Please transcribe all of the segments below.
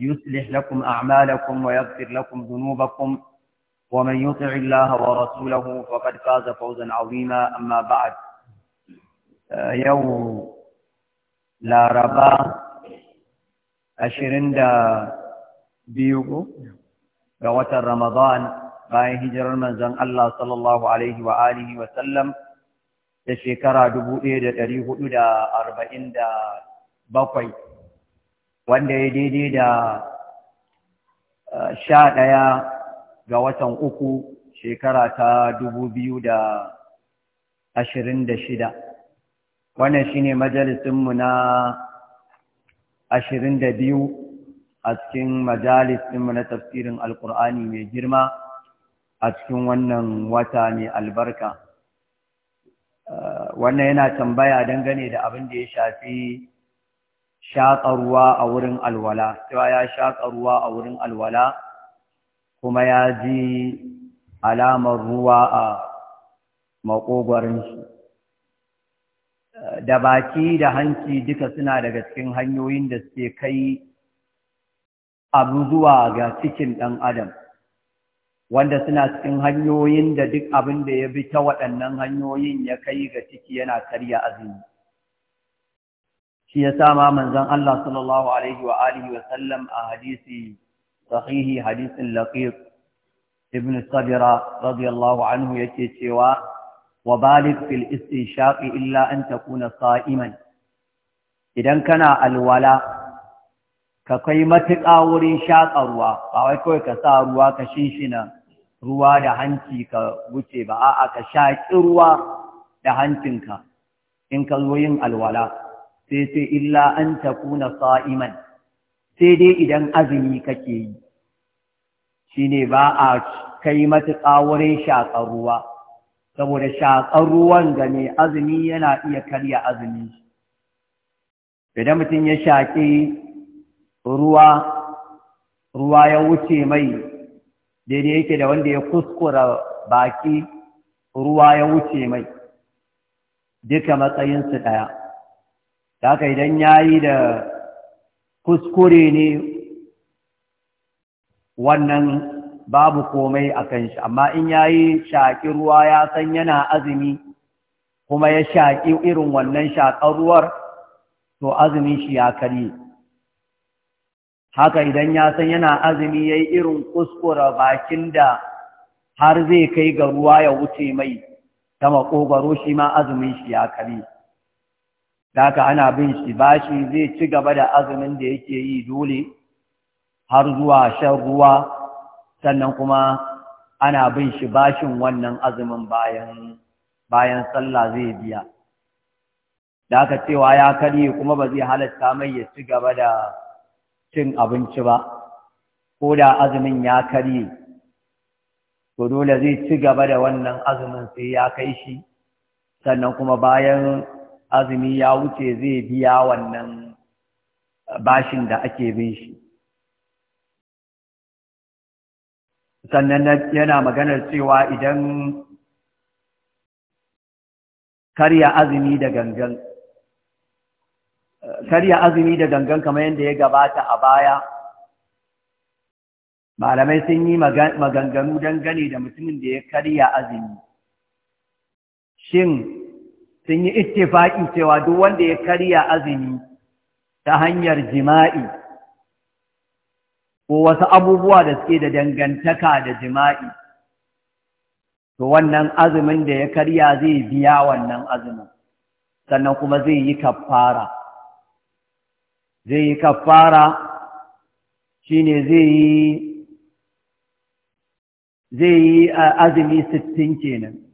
يصلح لكم أعمالكم ويغفر لكم ذنوبكم ومن يطع الله ورسوله فقد فاز فوزا عظيما أما بعد يوم لا ربا أشرين دا بيوكو غوة رمضان bayan hijirar manzon Allah sallallahu alaihi wa alihi wa sallam da shekara 1447 wanda ya daidai da eh, sha ɗaya ga watan uku shekara ta dubu biyu da ashirin da shida wannan shine majalisinmu na ashirin da biyu a cikin majalisinmu na tafsirin alkur'ani mai girma a cikin wannan wata mai albarka eh, wannan yana tambaya dangane da abin da ya shafi shaƙa ruwa a wurin alwala cewa ya shaƙa ruwa a wurin alwala kuma ya ji alamar ruwa a maƙogwarinsu da baki da hanci duka suna daga cikin hanyoyin da suke kai abu zuwa ga cikin ɗan adam wanda suna cikin hanyoyin da duk abin da ya bi ta waɗannan hanyoyin ya kai ga ciki yana karya azumi shi ya sa manzan Allah sallallahu alaihi wa alihi wa sallam a hadisi sahihi hadisin laqiq ibn sabira radiyallahu anhu yake cewa wa balik fil istinshaqi illa an takuna sa'iman idan kana alwala ka kai matuƙa wurin shaƙa ruwa ba wai kawai ka sa ruwa ka shinshina ruwa da hanci ka wuce ba a'a ka shaƙi ruwa da hancinka in ka zo yin alwala sai sai illa an ta kuna sa'iman sai dai idan azumi kake yi shine ba a kai matuƙa wurin shaƙar ruwa saboda shaƙar ruwan ga mai azumi yana iya karya azumi idan mutum ya shaƙe ruwa ruwa ya wuce mai daidai yake da wanda ya kuskura baki ruwa ya wuce mai duka matsayinsu ɗaya haka idan ya yi da kuskure ne wannan babu komai a kan shi amma in ya yi shaƙi ruwa ya san yana azumi kuma ya shaƙi irin wannan shaƙar ruwar to azumin shi ya karye haka idan ya san yana azumi ya yi irin kuskure bakin da har zai kai ga ruwa ya wuce mai ta maƙogwaro shi ma azumin shi ya karye daka ana bin shi bashi zai ci gaba da azumin da yake yi dole har zuwa shan ruwa sannan kuma ana bin shi bashin wannan azumin bayan bayan sallah zai biya daka cewa ya karye kuma ba zai halatta mai ya ci gaba da cin abinci ba ko da azumin ya karye to dole zai ci gaba da wannan azumin sai ya kai shi sannan kuma bayan azumi ya wuce zai biya wannan bashin da ake bin shi sannan yana maganar cewa idan karya azumi da gangan karya azumi da gangan kamar yadda ya gabata a baya malamai sun yi maganganu dangane da mutumin da ya karya azumi shin sun yi ittifaƙi cewa duk wanda ya karya azumi ta hanyar jima'i ko wasu abubuwa da suke da dangantaka da jima'i to wannan azumin da ya karya zai biya wannan azumin sannan kuma zai yi kafara zai yi kafara shine zai yi zai yi azumi sittin kenan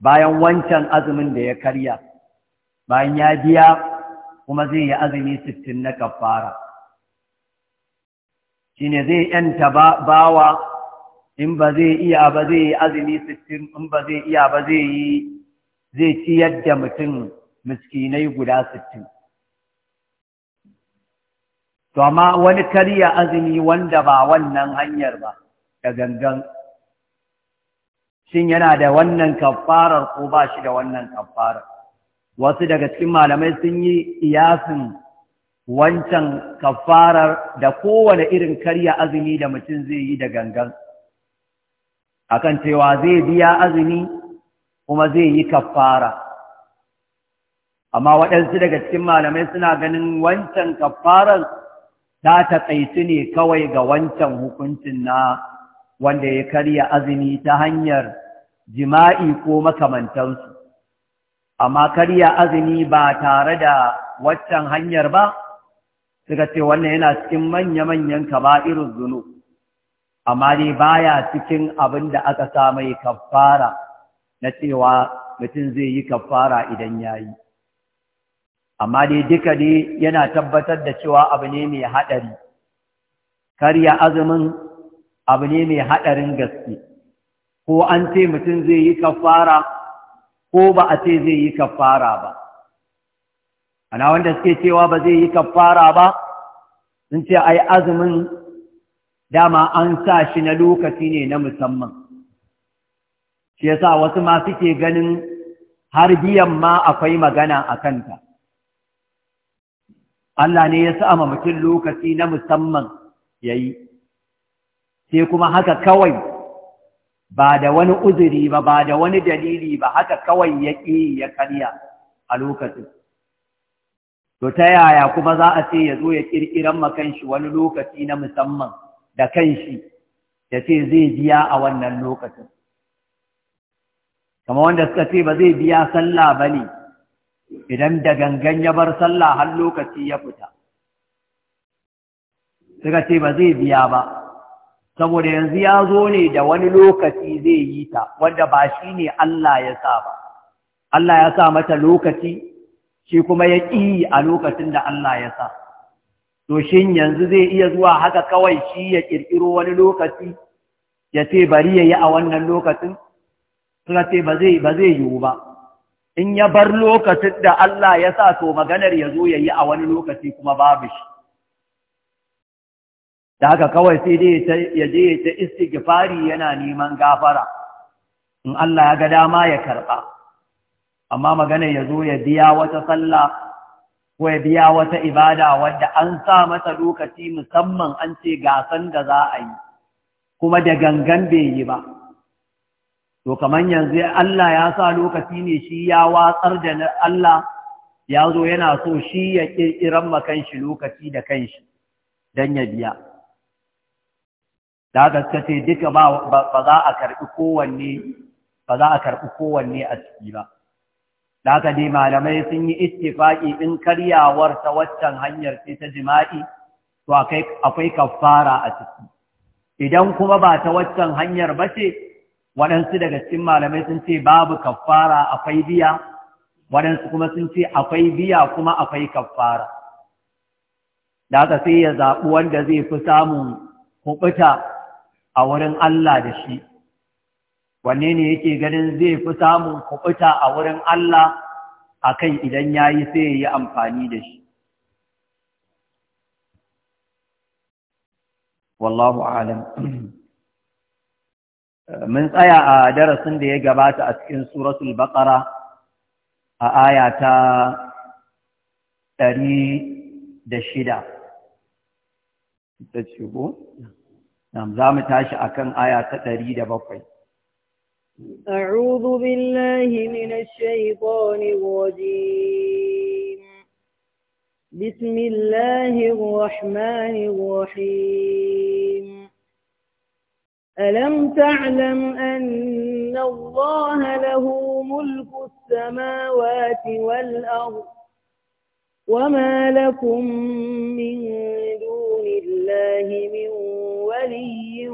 bayan wancan azumin da ya karya bayan ya biya kuma zai yi azumi sittin na kafara shine zai yanta bawa in ba zai iya ba zai yi azumi sittin in ba zai iya ba zai yi zai ciyar da mutum miskinai guda sittin to amma wani karya azumi wanda ba wannan hanyar ba da gangan shin yana da wannan kafarar ko ba shi da wannan kafarar wasu daga cikin malamai sun yi iyasin wancan kafarar da kowane irin karya azumi da mutum zai yi da gangan akan cewa zai biya azumi kuma zai yi kafara amma waɗansu daga cikin malamai suna ganin wancan kafarar ta taƙaitu ne kawai ga wancan hukuncin na wanda ya karya azumi ta hanyar jima'i ko makamantansu amma karya azumi ba tare da waccan hanyar ba suka ce wannan yana cikin manya-manyan irin zunu amma dai baya cikin abin da aka sa mai kaffara na cewa mutum zai yi kaffara idan ya yi amma dai duka dai yana tabbatar da cewa abu ne mai haɗari karya azumin abu ne mai haɗarin gaske ko an ce mutum zai yi kafara ko ba a ce zai yi kafara ba ana wanda suke cewa ba zai yi kafara ba sun ce ai azumin dama an sa shi na lokaci ne na musamman shi yasa wasu ma suke ganin har biyan ma akwai magana a kanta Allah ne ya sa mutum lokaci na musamman ya yi. sai kuma haka kawai ba da wani uzuri ba ba da wani dalili ba haka kawai ya ƙi ya karya a lokacin to ta yaya kuma za a ce ya zo ya ƙirƙiran shi wani lokaci na musamman da kanshi ya ce zai biya a wannan lokacin kama wanda suka ce ba zai biya sallah ba ne idan da gangan ya bar sallah har lokaci ya fita suka ce ba zai biya ba saboda yanzu ya zo ne da wani lokaci zai yi ta wanda ba shi ne Allah ya sa ba Allah ya sa mata lokaci shi kuma ya ƙi a lokacin da Allah ya sa to shin yanzu zai iya zuwa haka kawai shi ya ƙirƙiro wani lokaci ya ce bari ya yi a wannan lokacin suna ce ba zai yiwu ba in ya bar lokacin da Allah ya sa to maganar ya zo ya yi a wani lokaci kuma babu shi da haka kawai sai dai ya je ta istighfari yana neman gafara in Allah ya ga dama ya karba amma magana ya zo ya biya wata sallah ko ya biya wata ibada wadda an sa masa lokaci musamman an ce gasan da za a yi kuma da gangan bai yi ba to kamar yanzu Allah ya sa lokaci ne shi ya watsar da Allah ya zo yana so shi ya kirkiran makan shi lokaci da kanshi dan ya biya da haka ce duka ba za a karɓi kowanne ba za a karɓi kowanne a ciki ba da haka dai malamai sun yi ittifaki in karyawar ta waccan hanyar ce ta jima'i to akwai kafara a ciki idan kuma ba ta waccan hanyar ba ce waɗansu daga cikin malamai sun ce babu kafara akwai biya waɗansu kuma sun ce akwai biya kuma akwai kafara da haka sai ya zaɓi wanda zai fi samun kuɓuta a wurin Allah da shi wanne ne yake ganin zai fi samun kuɓuta a wurin Allah a kan idan ya yi sai ya yi amfani da shi wallahu alam mun tsaya a darasin da ya gabata a cikin suratul baƙara a aya ta ɗari da shida. نعم زام تاشي أكن آية تريد بقي أعوذ بالله من الشيطان الرجيم بسم الله الرحمن الرحيم ألم تعلم أن الله له ملك السماوات والأرض وما لكم من دون الله من ولي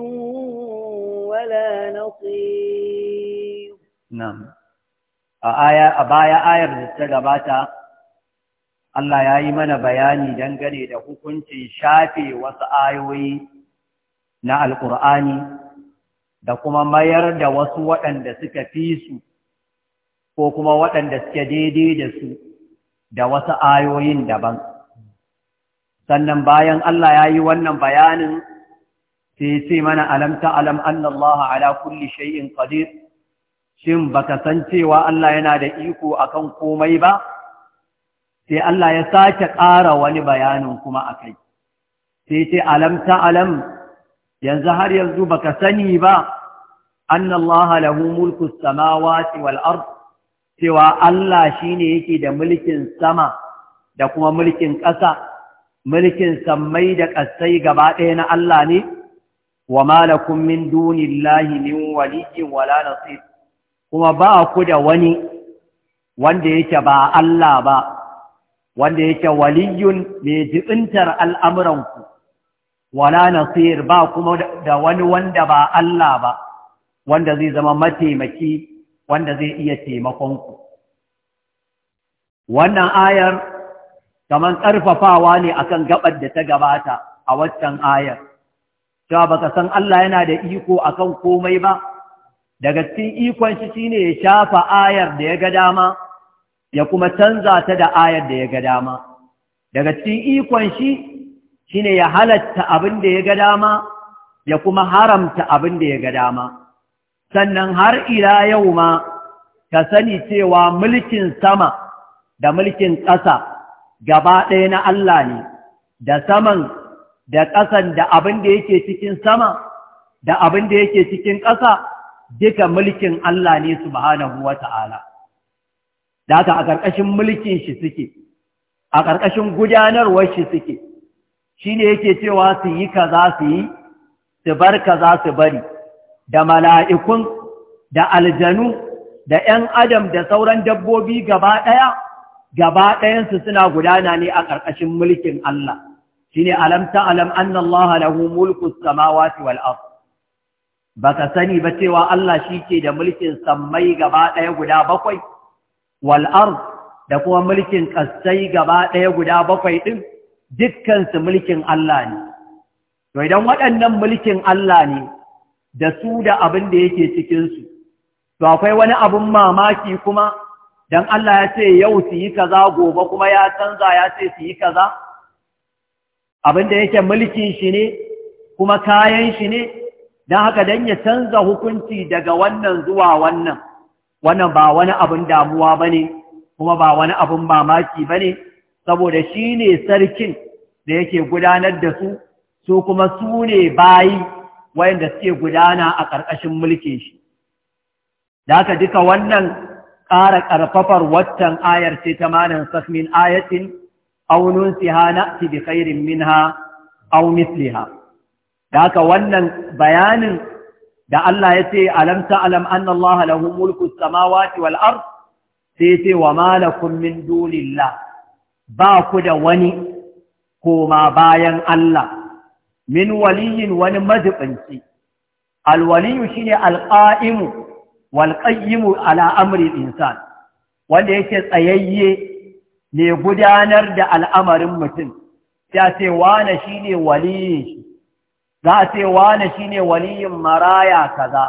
ولا نصير نعم a baya ayar da ta gabata Allah ya yi mana bayani dangane da hukuncin shafe wasu ayoyi na Alkur'ani, da kuma mayar da wasu waɗanda suka fi su ko kuma waɗanda suke daidai da su da wasu ayoyin daban. Sannan bayan Allah ya yi wannan bayanin sai ce mana alam ta'lam anna Allah ala kulli shay'in qadir shin baka san cewa Allah yana da iko akan komai ba sai Allah ya sake ƙara wani bayanin kuma akai sai ce alam yanzu har yanzu baka sani ba anna Allah lahu mulku samawati wal ard cewa Allah shine yake da mulkin sama da kuma mulkin ƙasa mulkin sammai da ƙasai gaba ɗaya na Allah ne wa malakum min dunillahi min waliyyin wala nasir kuma ba ku da wani wanda yake ba Allah ba wanda yake waliyyun mai jibintar al'amuranku wala nasir ba kuma da wani wanda ba Allah ba wanda zai zama mataimaki wanda zai iya ku. wannan ayar kamar ƙarfafawa ne akan gabar da ta gabata a waccan ayar cewa ka san Allah yana da iko akan komai ba daga cikin ikon shi shine ya shafa ayar da ya ga dama ya kuma canza ta da ayar da ya ga dama daga cikin ikon shi shine ya halatta abin da ya ga dama ya kuma haramta abin da ya ga dama sannan har ila yau ma ka sani cewa mulkin sama da mulkin ƙasa gaba ɗaya na Allah ne da saman da ƙasan da abin da yake cikin sama da abin da yake cikin ƙasa duka mulkin Allah ne subhanahu wa ta'ala. Da aka a ƙarƙashin mulkin shi suke, a ƙarƙashin gudanarwar shi suke, shi ne yake cewa su yi kaza su yi, su bar kaza su bari, da mala'ikun, da aljanu, da ‘yan adam da sauran dabbobi gaba ɗaya, gaba ɗayansu suna gudana ne a ƙarƙashin mulkin Allah. shine alam alam anna Allah lahu mulku samawati wal ard baka sani ba cewa Allah shi ke da mulkin sammai gaba ɗaya guda bakwai wal ard da kuma mulkin kasai gaba ɗaya guda bakwai ɗin su mulkin Allah ne to idan waɗannan mulkin Allah ne da su da abin da yake cikinsu to akwai wani abun mamaki kuma dan Allah ya ce yau su yi kaza gobe kuma ya canza ya ce su yi kaza Abin da yake mulkin shi ne kuma kayan shi ne don haka don ya canza hukunci daga wannan zuwa wannan wannan ba wani abin damuwa ba ne kuma ba wani abin mamaki ba ne saboda shi ne sarkin da yake gudanar da su su kuma su ne bayi wayanda suke gudana a ƙarƙashin mulkin shi da haka duka wannan ƙara ƙarfafar watan ayar ce ta manan sahmin ayatin aw nunsiha na'ti bi khairin minha aw misliha da wannan bayanin da Allah ya ce alam ta'lam anna Allah lahu mulku samawati wal ard sai wa ma lakum min dunillah ba ku da wani koma bayan Allah min waliyin wani majibanci alwaliyu shine alqa'imu wal qayyimu ala amri insan wanda yake tsayayye ne gudanar da al'amarin mutum ya ce wane shi ne waliyin shi za a ce wane shi ne waliyin maraya kaza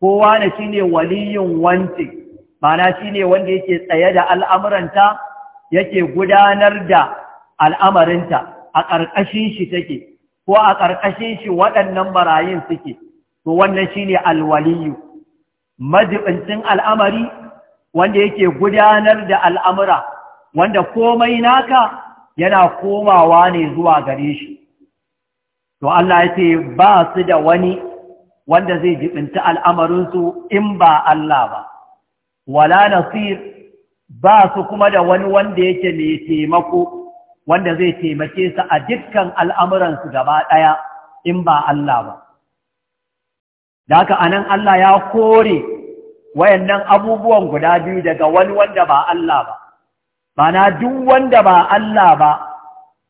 ko wane shi ne waliyin wance mana shi ne wanda yake tsaye da al'amuranta yake gudanar da al'amarinta a ƙarƙashin shi take ko a ƙarƙashin shi waɗannan marayun suke to wannan shi ne alwaliyu majibincin al'amari wanda yake gudanar da al'amura wanda komai naka yana komawa ne zuwa gare shi to Allah ya ce ba su da wani wanda zai jibinta al'amarinsu in ba Allah ba wala nasir ba su kuma da wani wanda yake mai taimako wanda zai taimake su a dukkan al'amuransu gaba ɗaya in ba Allah ba da haka anan Allah ya kore wayannan abubuwan guda biyu daga wani wanda ba Allah ba mana duk wanda ba Allah ba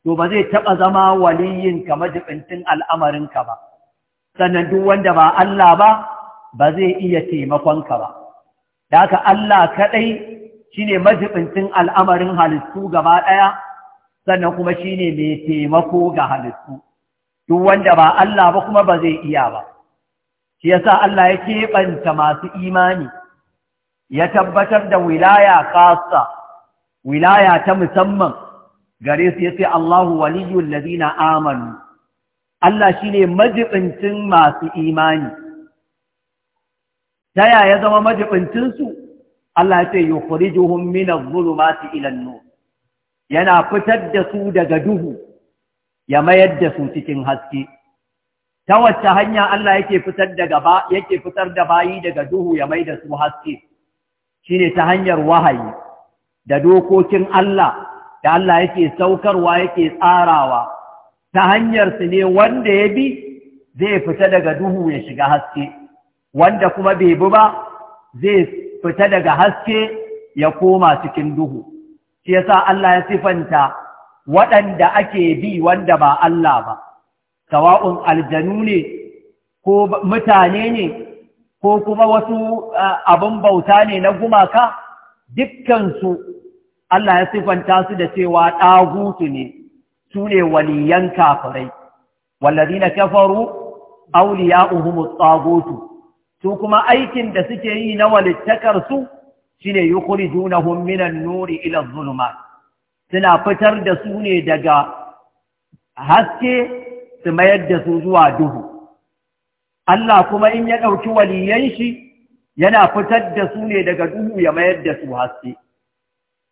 to ba zai taɓa zama waliyin ka majibintin al'amarinka ba sannan duk wanda ba Allah ba ba zai iya taimakonka ba da haka Allah kaɗai shine majibincin al'amarin halittu gaba ɗaya sannan kuma shine mai taimako ga halittu duk wanda ba Allah ba kuma ba zai iya ba shi yasa Allah ya keɓanta masu imani ya tabbatar da wilaya kasa wilaya ta musamman gare su yace Allahu waliyul ladina amanu Allah shine majibincin masu imani ta yaya zama majibincin su Allah yace yukhrijuhum minadh dhulumati ila an-nur yana fitar da su daga duhu ya mayar da su cikin haske ta wacce hanya Allah yake fitar yake fitar da bayi daga duhu ya mai da su haske shine ta hanyar wahayi da dokokin Allah da Allah yake saukarwa yake tsarawa ta hanyar su ne wanda ya bi zai fita daga duhu ya shiga haske wanda kuma bai bi ba zai fita daga haske ya koma cikin duhu shi yasa Allah ya sifanta waɗanda ake bi wanda ba Allah ba sawa'un aljanu ne ko mutane ne ko kuma wasu ah, abin bauta ne na gumaka dukkansu Allah ya sifanta su da cewa ɗagutu ne su ne waliyan kafirai wallazina kafaru auliya mu tsago su kuma aikin da suke yi na ne yi shine yukhrijunahum minan nuri ila zuluma suna fitar da su ne daga haske su mayar da su zuwa duhu Allah kuma in ya ɗauki waliyan shi yana fitar da su ne daga duhu ya mayar da su haske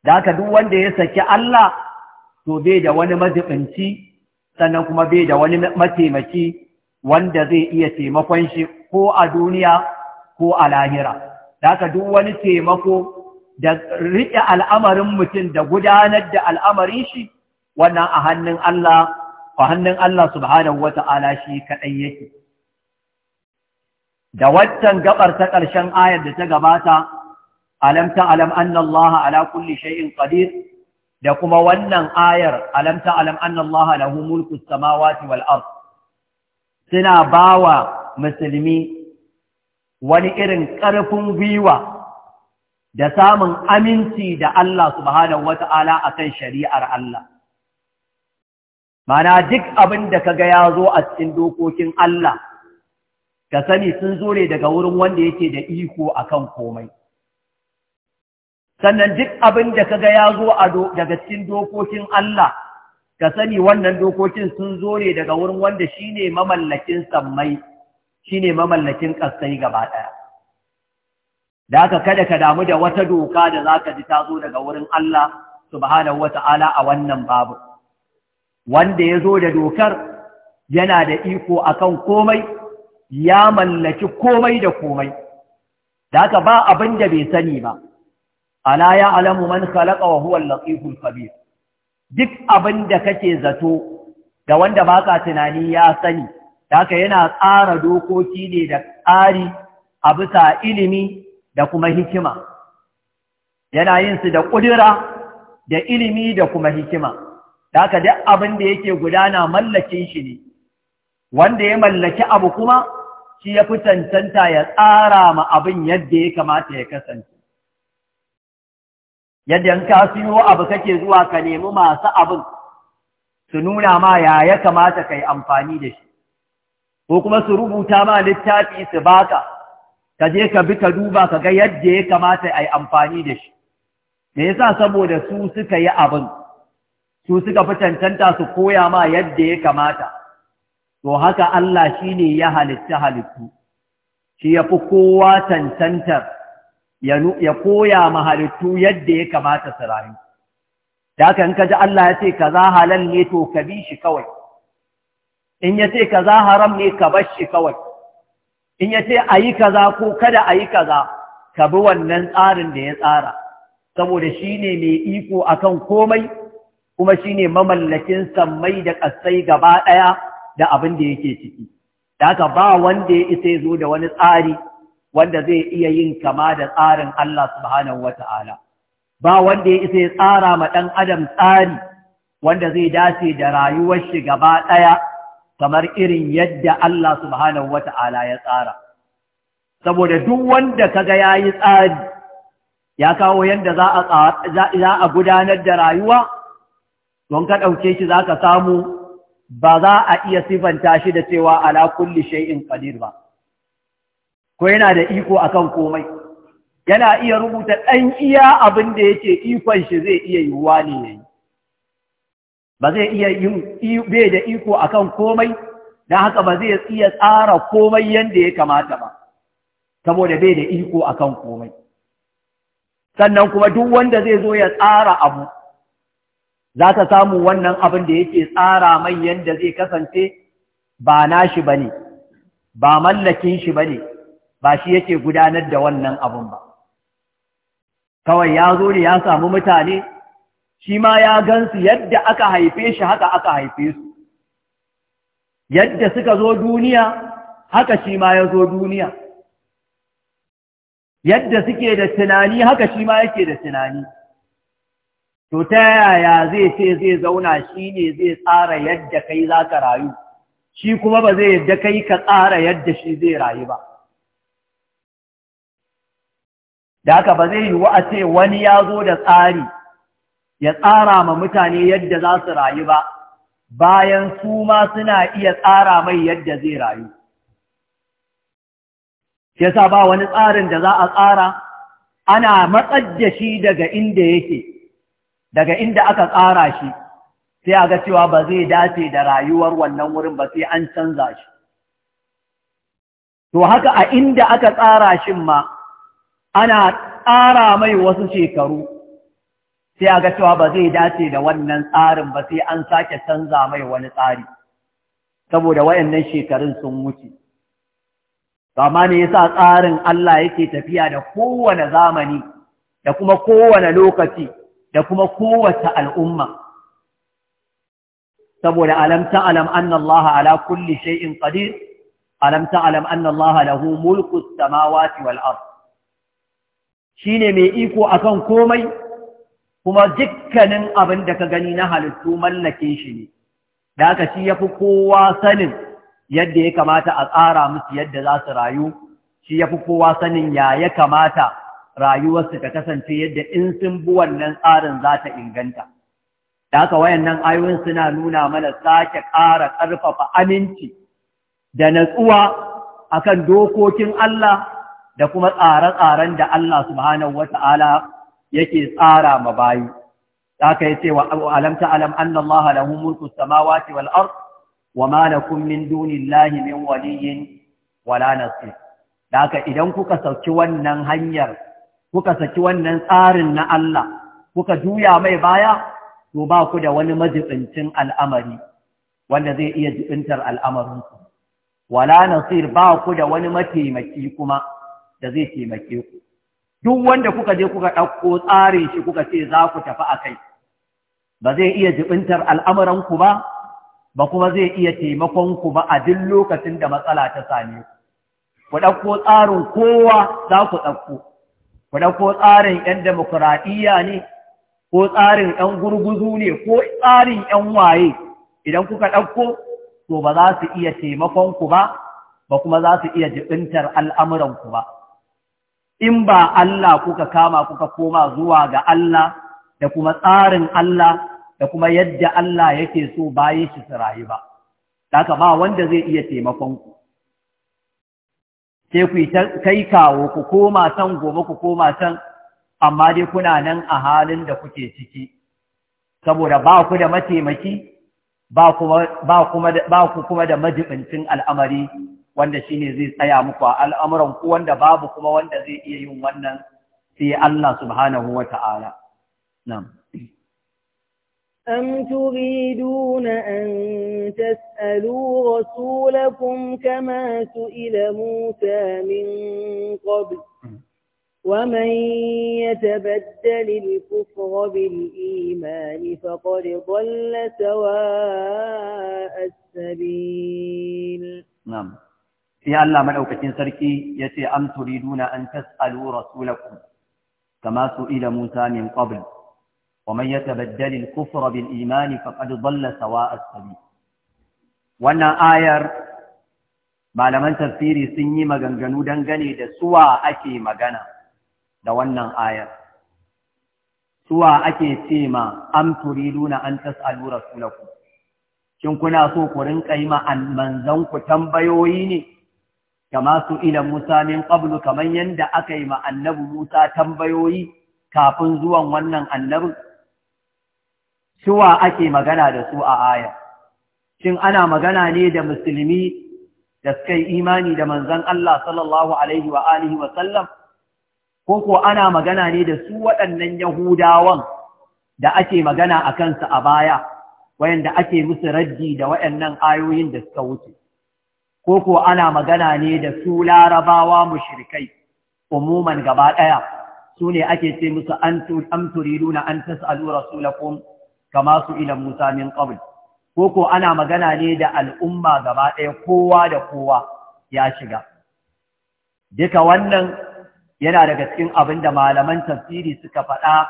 da haka duk wanda ya saki Allah to bai da wani majibinci sannan kuma bai da wani mataimaki wanda zai iya taimakon shi ko a duniya ko a lahira da haka duk wani taimako da riƙe al'amarin mutum da gudanar da al'amarin shi wannan a hannun Allah a hannun Allah subhanahu wata'ala shi kaɗai yake da waccan gabar ta ƙarshen ayar da ta gabata alam ta'lam anna Allah ala kulli shay'in qadir da kuma wannan ayar alam ta'lam anna Allah lahu mulku samawati wal ard suna bawa musulmi wani irin karfin gwiwa da samun aminci da Allah subhanahu wata'ala akan shari'ar Allah mana duk abin da kaga ya zo a cikin dokokin Allah ka sani sun zo ne daga wurin wanda yake da iko akan komai sannan duk abin da kaga ya zo a daga cikin dokokin Allah ka sani wannan dokokin sun zo ne daga wurin wanda shine mamallakin sammai shine mamallakin kasai gaba ɗaya. da haka kada ka damu da wata doka da zaka ji ta zo daga wurin Allah subhanahu wata'ala a wannan babu wanda ya zo da dokar yana da iko akan komai ya mallaki komai da komai da haka ba abin da bai sani ba ala ya alamu man khalaqa wa huwa al-latiful khabir duk abin da kake zato da wanda baka tunani ya sani haka yana tsara dokoki ne da tsari a bisa ilimi da kuma hikima yana yin su da ƙudira da ilimi da kuma hikima haka duk abin da yake gudana mallakin shi ne wanda ya mallaki abu kuma shi ya fi ya tsara ma abin yadda ya kamata ya kasance yadda in ka siyo abu kake zuwa ka nemi masu abin su nuna ma ya ya kamata ka yi amfani da shi ko kuma su rubuta ma littafi su baka ka je ka bi ka duba ka ga yadda ya kamata a yi amfani da shi me yasa saboda su suka yi abin su suka fi cancanta su koya ma yadda ya kamata to haka Allah shi ne ya halitta halittu shi ya fi kowa cancantar ya koya mahalittu yadda ya kamata su rayu da kan kaji Allah ya ce kaza halal ne to ka bi shi kawai in ya ce kaza haram ne ka bar shi kawai in ya ce a yi kaza ko kada a yi kaza ka bi wannan tsarin da ya tsara saboda shi ne mai iko akan komai kuma shi ne mamallakin sammai da ƙasai gaba ɗaya da abin da yake ciki da ka ba wanda ya isa ya zo da wani tsari wanda zai iya yin kama da tsarin Allah subhanahu wata'ala ba wanda ya isa ya tsara ma ɗan adam tsari wanda zai dace da rayuwar shi gaba ɗaya kamar irin yadda Allah subhanahu wata'ala ya tsara saboda duk wanda kaga yi tsari ya kawo yadda za a gudanar da rayuwa don ka ɗauke shi zaka samu ba za a iya sifanta shi da cewa ala kulli shay'in qadir ba ko yana da iko akan komai yana iya rubuta ɗan iya abin da yake ikon shi zai iya yiwuwa ne ya yi. ba zai iya yin bai da iko akan komai don haka ba zai iya tsara komai yadda ya kamata ba saboda bai da iko akan komai sannan kuma duk wanda zai zo ya tsara abu za ka samu wannan abin da yake tsara mai yanda zai kasance ba nashi ba ne, ba mallakin shi bane ba shi yake gudanar da wannan abun ba kawai ya zo ne ya samu mutane shi ma ya gansu yadda aka haife shi haka aka haife su yadda suka zo duniya haka shi ma ya zo duniya yadda suke da tunani haka shi ma yake da tunani to ta yaya zai ce zai zauna shi ne zai tsara yadda kai za ka rayu shi kuma ba zai yadda kai ka tsara yadda shi zai rayu ba da haka ba zai yi wa ce wani ya zo da tsari ya tsara ma mutane yadda za su rayu ba bayan su ma suna iya tsara mai yadda zai rayu yasa sa ba wani tsarin da za a tsara ana matsar da shi daga inda yake daga inda aka tsara shi sai a ga cewa ba zai dace da rayuwar wannan wurin ba sai an canza shi to haka a inda aka tsara shi ma ana tsara mai wasu shekaru sai a ga cewa ba zai dace da wannan tsarin ba sai an sake canza mai wani tsari saboda wayannan shekarun sun wuce amma ne yasa tsarin Allah yake tafiya da kowane zamani da kuma kowane lokaci da kuma kowace al'umma saboda alam ta'lam anna Allah ala kulli shay'in qadir alam ta'lam anna Allah lahu mulku as-samawati wal ardh shi ne mai iko akan komai kuma dukkanin abin da ka gani na halittu mallake shi ne da aka shi ya fi kowa sanin yadda ya kamata a tsara musu yadda za su rayu shi ya fi kowa sanin ya ya kamata rayuwarsu ta kasance yadda in sun bi wannan tsarin za ta inganta da aka wayannan ayoyin suna nuna mana sake ƙara ƙarfafa aminci da natsuwa akan dokokin Allah da kuma tsare-tsaren da Allah subhanahu wata'ala yake tsara ma bayi haka yace wa alam ta'lam anna Allah lahu mulku samawati wal wa ma lakum min dunillahi min wala nasir haka idan kuka sauki wannan hanyar kuka saki wannan tsarin na Allah kuka juya mai baya to ba ku da wani majibincin al'amari wanda zai iya jibintar al'amarinku wala nasir ba ku da wani mataimaki kuma da zai taimake ku duk wanda kuka je kuka ɗauko tsarin shi kuka ce za ku tafi a kai ba zai iya jibintar al'amuranku ba ba kuma zai iya taimakonku ba a duk lokacin da matsala ta same ku ku ɗauko tsarin kowa za ku ɗauko ku ɗauko tsarin ‘yan demokuraɗiyya ne ko tsarin ‘yan gurguzu ne ko tsarin ‘yan waye idan kuka ɗauko to ba za su iya taimakonku ba ba kuma za su iya jibintar al'amuranku ba in ba Allah kuka kama kuka koma zuwa ga Allah da kuma tsarin Allah da kuma yadda Allah yake so bayi shi su rayu ba, haka ba wanda zai iya taimakon ku. Sai ku kai kawo ku koma can gobe ku koma can, amma dai kuna nan a halin da kuke ciki, saboda ba ku da mataimaki, ba ku kuma da majibincin al'amari wanda shine zai tsaya muku a al'amuran ku wanda babu kuma wanda zai iya yin wannan sai Allah subhanahu wata'ala na'am أم تريدون أن تسألوا رسولكم كما سئل موسى من قبل ومن يتبدل الكفر بالإيمان فقد ضل سواء السبيل نعم sai Allah madaukakin sarki yace am turiduna an tasalu rasulakum kama Ila Musa min qabl wa man yatabaddal al-kufra bil iman faqad dhalla sawa'a as-sabil wannan ayar malaman tafsiri sun yi maganganu dangane da suwa ake magana da wannan ayar suwa ake ce ma am turiduna an tasalu rasulakum shin kuna so ku rinka yi ma manzon ku tambayoyi ne kama su ila Musa min qablu kaman yanda aka yi ma annabi Musa tambayoyi kafin zuwan wannan annabin suwa ake magana da su a aya shin ana magana ne da musulmi da suka yi imani da manzon Allah sallallahu alaihi wa alihi wa sallam ko ko ana magana ne da su waɗannan Yahudawan da ake magana a kansu a baya wayanda ake musu raddi da waɗannan ayoyin da suka wuce ko ko ana magana ne da su larabawa mushrikai umuman gaba ɗaya su ake ce musu an turiduna an tas'alu rasulakum kama su ila Musa min qabl ko ko ana magana ne da al'umma gaba ɗaya kowa da kowa ya shiga duka wannan yana daga cikin abin da malaman tafsiri suka faɗa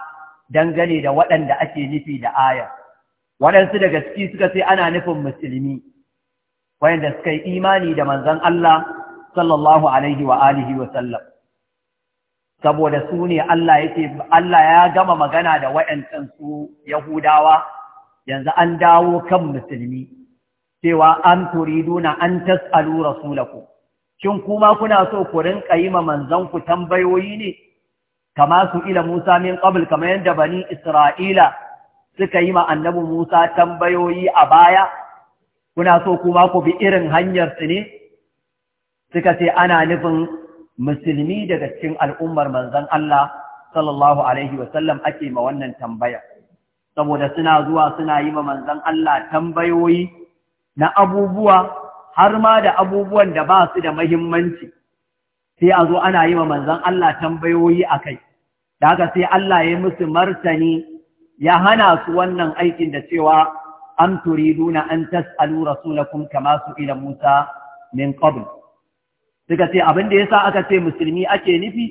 dangane da waɗanda ake nufi da aya waɗansu daga ciki suka ce ana nufin musulmi wayanda suka yi imani da manzon Allah sallallahu alaihi wa alihi wa sallam saboda su ne Allah yake Allah ya gama magana da wayancan su Yahudawa yanzu an dawo kan musulmi cewa an turiduna an tasalu rasulakum shin kuma kuna so ku rinka yi ma manzon ku tambayoyi ne kama su ila Musa min qabl kamar yadda bani Isra'ila suka yi ma annabi Musa tambayoyi a baya kuna so kuma ku bi irin hanyar su ne suka ce ana nufin musulmi daga cikin al'ummar manzon Allah sallallahu alaihi wasallam ake ma wannan tambaya saboda suna zuwa suna yi ma manzon Allah tambayoyi na abubuwa har ma da abubuwan da ba su da muhimmanci, sai a zo ana yi wa manzon Allah tambayoyi a kai, da haka sai Allah ya yi musu martani ya hana su wannan aikin da cewa am turiduna an tas'alu rasulakum kama su'ila Musa min qabl suka ce abin da yasa aka ce musulmi ake nufi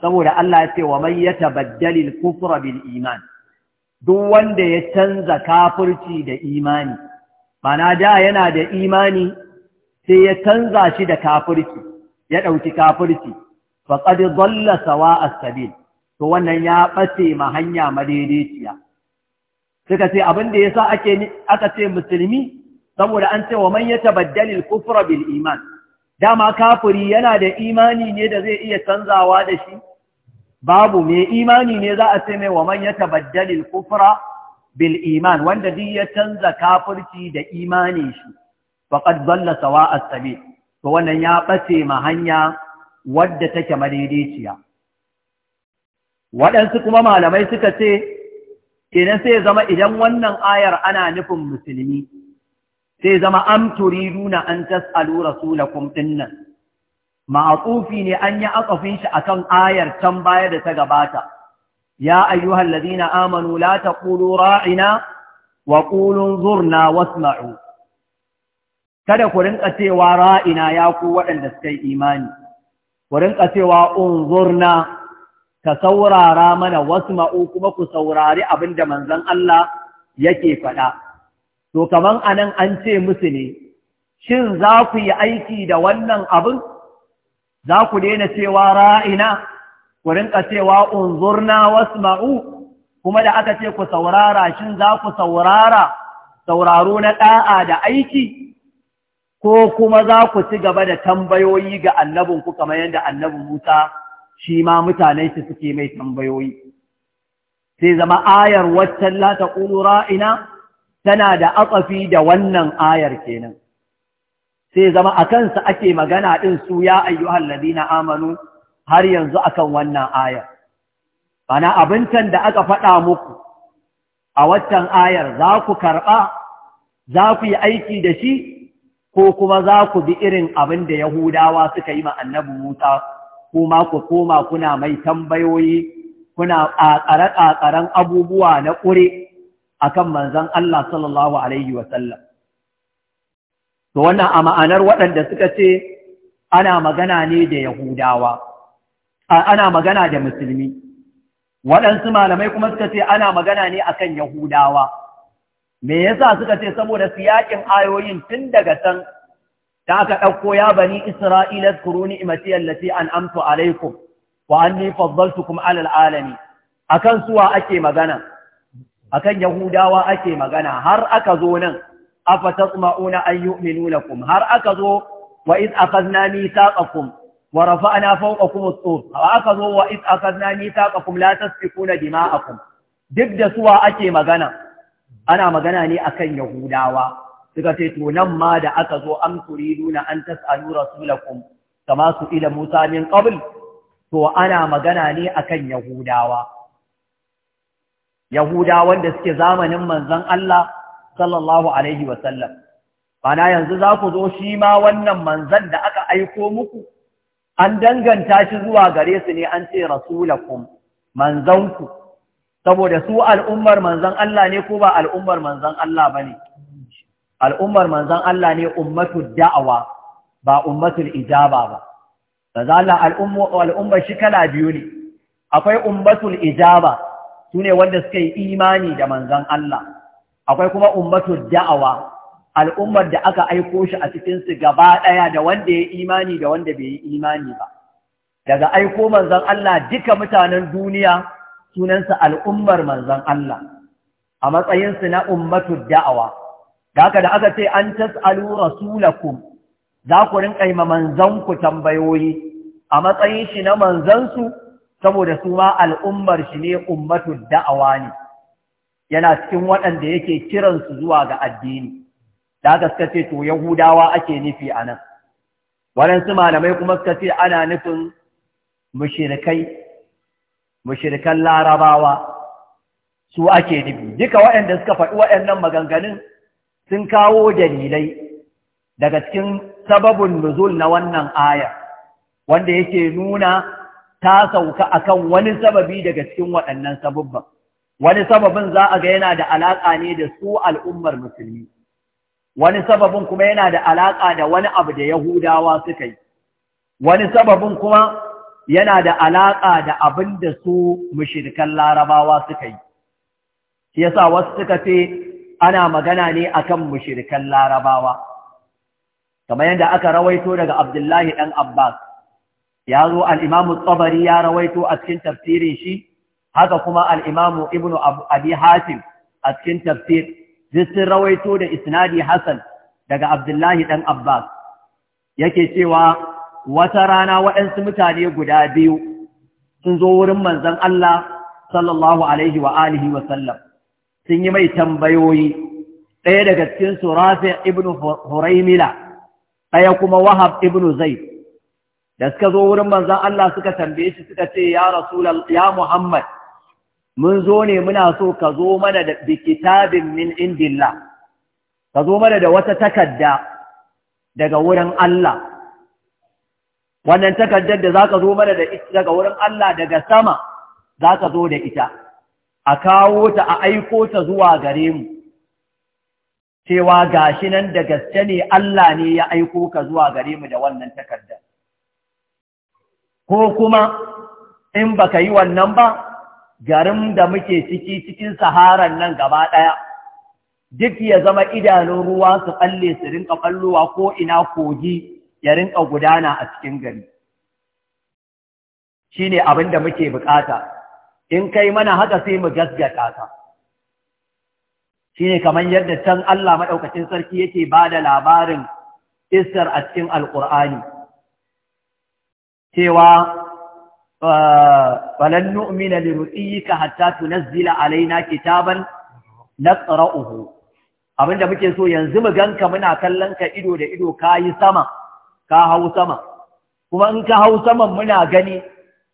saboda Allah ya ce wa mai man yatabaddalil kufra bil iman duk wanda ya canza kafirci da imani mana da yana da imani sai ya canza shi da kafirci ya dauki kafirci faqad dhalla sawa'a sabil to wannan ya bace ma hanya madaidaiciya suka ce abin da ya sa aka ce musulmi saboda an ce wa man yatabaddalil kufra bil iman dama kafuri yana da imani ne da zai iya canzawa da shi babu mai imani ne za a ce mai wa man tabaddalil kufra bil iman wanda duk ya canza kafurci da imani shi faqad dalla sawa'a sabil to wannan ya bace ma hanya wadda take madaidaiciya waɗansu kuma malamai suka ce kenan sai zama idan wannan ayar ana nufin musulmi sai zama am turiduna an tas'alu rasulakum dinnan ma'atufi ne an yi aqafin shi akan ayar can baya da ta gabata ya ayyuhal ladina amanu la taqulu ra'ina wa qulu zurna wasma'u kada ku rinka cewa ra'ina ya ku waɗanda suka yi imani ku rinka cewa unzurna ka saurara mana wasu ma'u kuma ku saurari abin da manzon Allah yake faɗa to kaman anan an ce musu ne shin za ku yi aiki da wannan abin za ku daina cewa ra'ina ku rinka cewa unzurna ma'u? kuma da aka ce ku saurara shin za ku saurara sauraro na ɗa'a da aiki ko kuma za ku ci gaba da tambayoyi ga annabinku kamar yadda annabin Musa shi ma mutane shi suke mai tambayoyi sai zama ayar waccan Lata taqulu ra'ina tana da atsafi da wannan ayar kenan sai zama a kansa ake magana ɗin su ya ayyuhal ladina amanu har yanzu akan wannan ayar bana abincin da aka faɗa muku a waccan ayar za ku karɓa za ku yi aiki da shi ko kuma za ku bi irin abin da yahudawa suka yi ma annabi musa kuma ku koma kuna mai tambayoyi kuna ƙaƙare-ƙaƙaren abubuwa na ƙure a kan manzan Allah sallallahu Alaihi wasallam. To wannan a ma'anar waɗanda suka ce ana magana ne da Yahudawa, ana magana da Musulmi, waɗansu malamai kuma suka ce ana magana ne a kan Yahudawa. Me yasa suka ce saboda siyaƙin ayoyin tun daga can da aka ɗauko ya bani Isra'ila kuruni ni'imati allati an amtu alaikum wa anni faddaltukum alal alami akan suwa ake magana a kan yahudawa ake magana har aka zo nan afa una an yu'minu lakum har aka zo wa is iz akhadna mithaqakum wa rafa'na fawqakum fauƙa tur wa aka zo wa is iz akhadna mithaqakum la tasfikuna dima'akum duk da suwa ake magana ana magana ne a kan yahudawa suka ce to nan ma da aka zo an nuna an tas'alu rasulakum kama su ila Musa min qabl to ana magana ne akan Yahudawa Yahudawan da suke zamanin manzon Allah sallallahu alaihi bana yanzu za ku zo shi ma wannan manzon da aka aiko muku an danganta shi zuwa gare su ne an ce rasulakum manzanku saboda su al'ummar manzon Allah ne ko ba al'ummar manzon Allah bane al'ummar manzan Allah ne ummatu da'awa ba ummatu ijaba ba za Allah al'ummar shi kala biyu ne akwai ummatul ijaba sune wanda suka yi imani da manzan Allah akwai kuma ummatu da'awa al'ummar da aka aiko shi a cikin su gaba ɗaya da wanda ya imani da wanda bai yi imani ba daga aiko manzan Allah duka mutanen duniya sunansa al'ummar manzan Allah a matsayinsu na ummatu da'awa da haka da aka ce an tas'alu rasulakum za ku rinka yi manzanku tambayoyi a matsayin shi na manzansu saboda su ma al'ummar shi ne ummatu da'awa ne yana cikin waɗanda yake kiransu zuwa ga addini da haka suka ce to yahudawa ake nufi a nan waɗansu malamai kuma suka ce ana nufin mushirikai mushirikan larabawa su ake nufi duka waɗanda suka faɗi waɗannan maganganun sun kawo dalilai daga cikin sababin nuzul na wannan aya wanda yake nuna ta sauka akan wani sababi daga cikin waɗannan sababban wani sababin za a ga yana da alaƙa ne da su al'ummar musulmi wani sababin kuma yana da alaƙa da wani abu da yahudawa suka yi wani sababin kuma yana da alaƙa da abin da su mushirikan larabawa suka yi shi yasa wasu suka ce ana magana ne akan mushirikan larabawa kamar yadda aka rawaito daga abdullahi ɗan abbas ya zo al'imamu tsabari ya rawaito a cikin tafsirin shi haka kuma al'imamu ibnu abi hatim a cikin tafsir sun rawaito da isnadi hassan daga abdullahi ɗan abbas yake cewa wata rana waɗansu mutane guda biyu sun zo wurin manzon Allah sallallahu alaihi wa alihi sun yi mai tambayoyi ɗaya daga cikin surafi rafi ibn huraimila ɗaya kuma wahab ibn zai da suka zo wurin manzon Allah suka tambaye shi suka ce ya rasul ya muhammad mun zo ne muna so ka zo mana da kitabin min indillah ka zo mana da wata takarda daga wurin Allah wannan takardar da zaka zo mana da ita daga wurin Allah daga sama zaka zo da ita a kawo ta a aiko ta zuwa gare mu cewa ga shi nan da gaske ne Allah ne ya aiko ka zuwa gare mu da wannan takarda ko kuma in baka yi wannan ba garin da muke ciki cikin saharan nan gaba ɗaya duk ya zama idanun ruwa su ƙalle su rinka ɓallowa ko ina kogi ya rinka gudana a cikin gari shine abin da muke bukata in kai mana haka sai mu gaskata ka shine kamar yadda can Allah madaukakin sarki yake bada labarin isar a cikin alqur'ani cewa lan nu'mina ru'yika hatta tunzila alaina kitaban naqra'uhu abinda muke so yanzu mu ganka muna kallon ka ido da ido kayi sama ka hau sama kuma in ka hau saman muna gani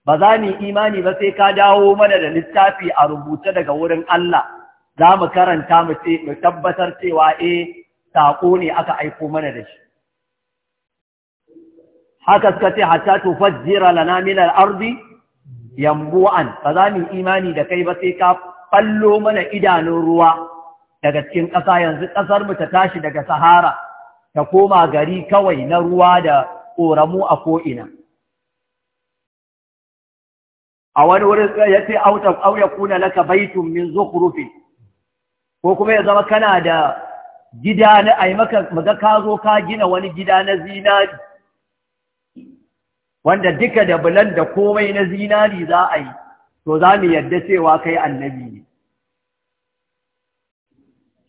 ba za mu imani ba sai ka dawo mana da littafi a rubuta daga wurin Allah za mu karanta mu tabbatar cewa eh saƙo ne aka aiko mana da shi haka suka ce hatta tufajjira lana min al-ardi yambu'an ba za mu imani da kai ba sai ka fallo mana idanun ruwa daga cikin ƙasa yanzu ƙasar mu ta tashi daga sahara ta koma gari kawai na ruwa da ƙoramu a ko'ina a wani wurin ya ce auta au kuna laka baitun min zukhrufin ko kuma ya zama kana da gida na ai maka maga ka zo ka gina wani gida na zinari wanda duka da bulan da komai na zinari za a yi to za mu yadda cewa kai annabi ne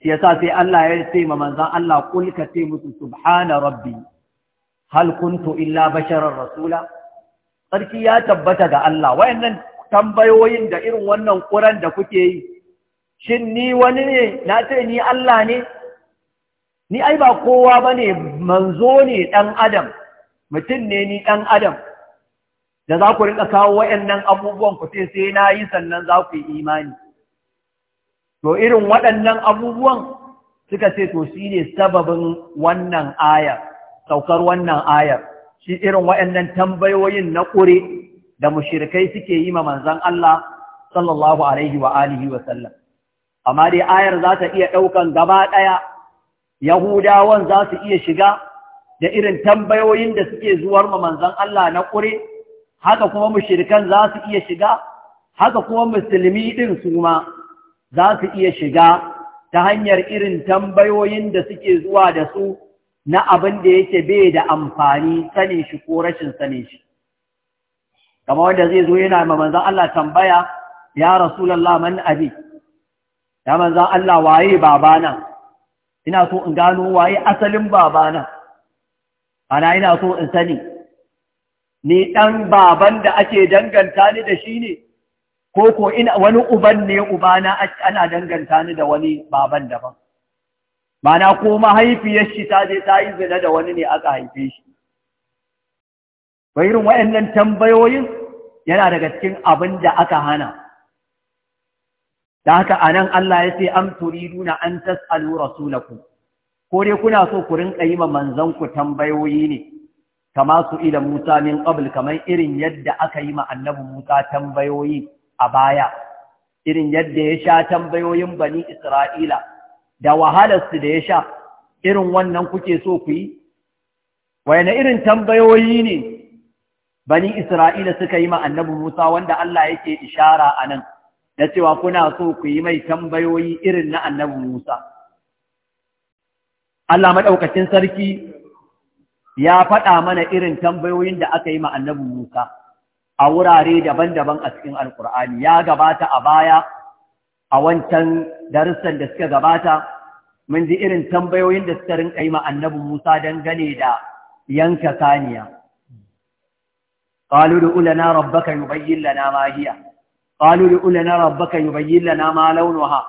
shi yasa sai Allah ya ce ma manzan Allah kul ka ce musu subhana rabbi hal kuntu illa basharar rasula sarki ya tabbata ga Allah wayannan tambayoyin da irin wannan ƙuran da kuke yi shin ni wani ne na ce ni Allah ne ni ai ba kowa bane manzo ne ɗan adam mutum ne ni ɗan adam da za ku rika kawo wayannan abubuwan ku sai sai na yi sannan za ku yi imani to irin waɗannan abubuwan suka ce to shine sababin wannan ayar saukar wannan ayar shi irin wayannan tambayoyin na ƙure da mushirikai suke yi ma manzan Allah sallallahu alaihi wa alihi wa sallam amma dai ayar za ta iya ɗaukan gaba ɗaya yahudawan za su iya shiga da irin tambayoyin da suke zuwar ma manzan Allah na ƙure haka kuma mushirikan za su iya shiga haka kuma musulmi ɗin su ma za su iya shiga ta hanyar irin tambayoyin da suke zuwa da su na abin da yake bai da amfani sanin shi ko rashin sanin shi kamar wanda zai zo yana ma manzon Allah tambaya ya rasulullah man abi ya manzan Allah waye babana ina so in gano waye asalin babana ana ina so in sani ni dan baban da ake danganta ni da shi ne ko ko wani uban ne ubana ana danganta ni da wani baban daban mana ko mahaifiyar shi ta je ta yi zina da wani ne aka haife shi bayirin waɗannan tambayoyin yana daga cikin abin da aka hana da haka a nan Allah ya ce turi nuna an tas'alu ku. ko dai kuna so ku rinƙa yi ma manzan ku tambayoyi ne kama su ila Musa min ƙabul, kamar irin yadda aka yi ma annabi Musa tambayoyi a baya irin yadda ya sha tambayoyin bani Isra'ila da wahalarsu da ya sha irin wannan kuke so ku yi Wane irin tambayoyi ne bani isra'ila suka yi ma annabi musa wanda allah yake ishara a nan na cewa kuna so ku yi mai tambayoyi irin na annabu musa allah maɗaukacin sarki ya faɗa mana irin tambayoyin da aka yi ma annabi musa a wurare daban-daban a cikin alkur'ani ya gabata a baya a wancan darussan da suka gabata mun ji irin tambayoyin da suka rinka yi ma Musa dangane da yanka saniya قالوا ادع لنا ربك يبين لنا ما هي قالوا ادع لنا ربك يبين لنا ما لونها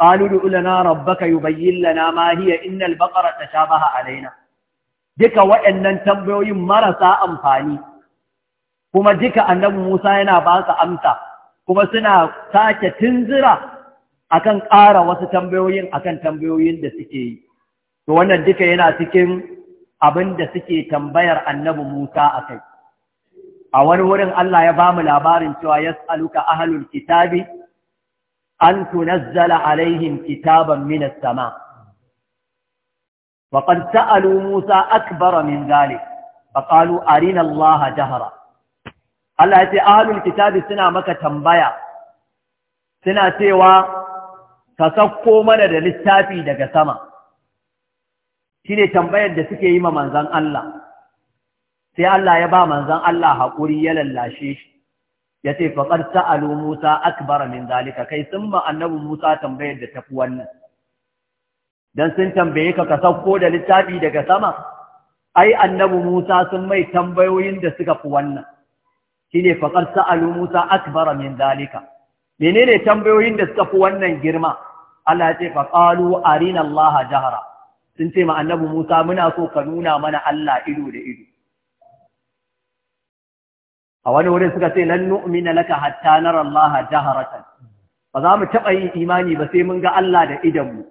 قالوا ادع لنا ربك يبين لنا ma هي إن البقرة تشابه alaina. duka waɗannan tambayoyin marasa amfani kuma duka annabi Musa yana ba su amsa kuma suna sake tunzira akan ƙara wasu tambayoyin akan tambayoyin da suke yi to wannan duka yana cikin abin da suke tambayar annabi Musa kai. a wani wurin Allah ya bamu labarin cewa yas'aluka ahlul kitabi an tunazzala alaihim kitaban minas sama وقد سألوا موسى أكبر من ذلك فقالوا أرنا الله جهرا الله يتي أهل kitabi suna maka tambaya, suna cewa. ka sakko mana da littafi daga sama shi ne tambayar da suke yi ma manzan Allah sai Allah ya ba manzan Allah haƙuri ya lallashe shi ya ce faƙar sa'alu Musa akbar min zalika kai sun ma annabin Musa tambayar da tafi wannan don sun tambaye ka ka sauko da littafi daga sama ai annabi Musa sun mai tambayoyin da suka fi wannan shi ne faƙar sa'alu Musa akbar min zalika menene tambayoyin da suka fi wannan girma Allah ya ce fa a arina sun ce ma annabi Musa muna so ka nuna mana Allah ido da ido a wani wurin suka ce lan nu'mina laka hatta nara jaharatan ba za mu taɓa yin imani ba sai mun ga Allah da idanmu